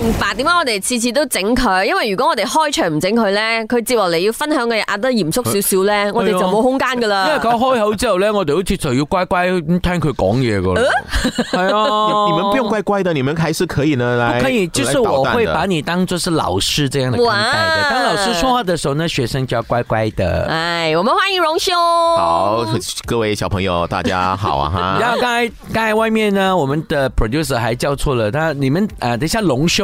明白點解我哋次次都整佢，因為如果我哋開場唔整佢咧，佢接落嚟要分享嘅嘢壓得嚴肅少少咧，啊、我哋就冇空間噶啦。因為佢開口之後咧， 我哋好似就要乖乖聽佢講嘢噶啦。係啊，啊 你們不用乖乖的，你們還是可以呢。可以，就是我會把你當做是老師這樣嘅看待的。哇當老師說話的時候，呢學生就要乖乖的。哎，我們歡迎榮兄。好，各位小朋友，大家好啊！哈， 然後剛才剛才外面呢，我們的 producer 還叫錯了，他，你們啊、呃，等一下龍兄。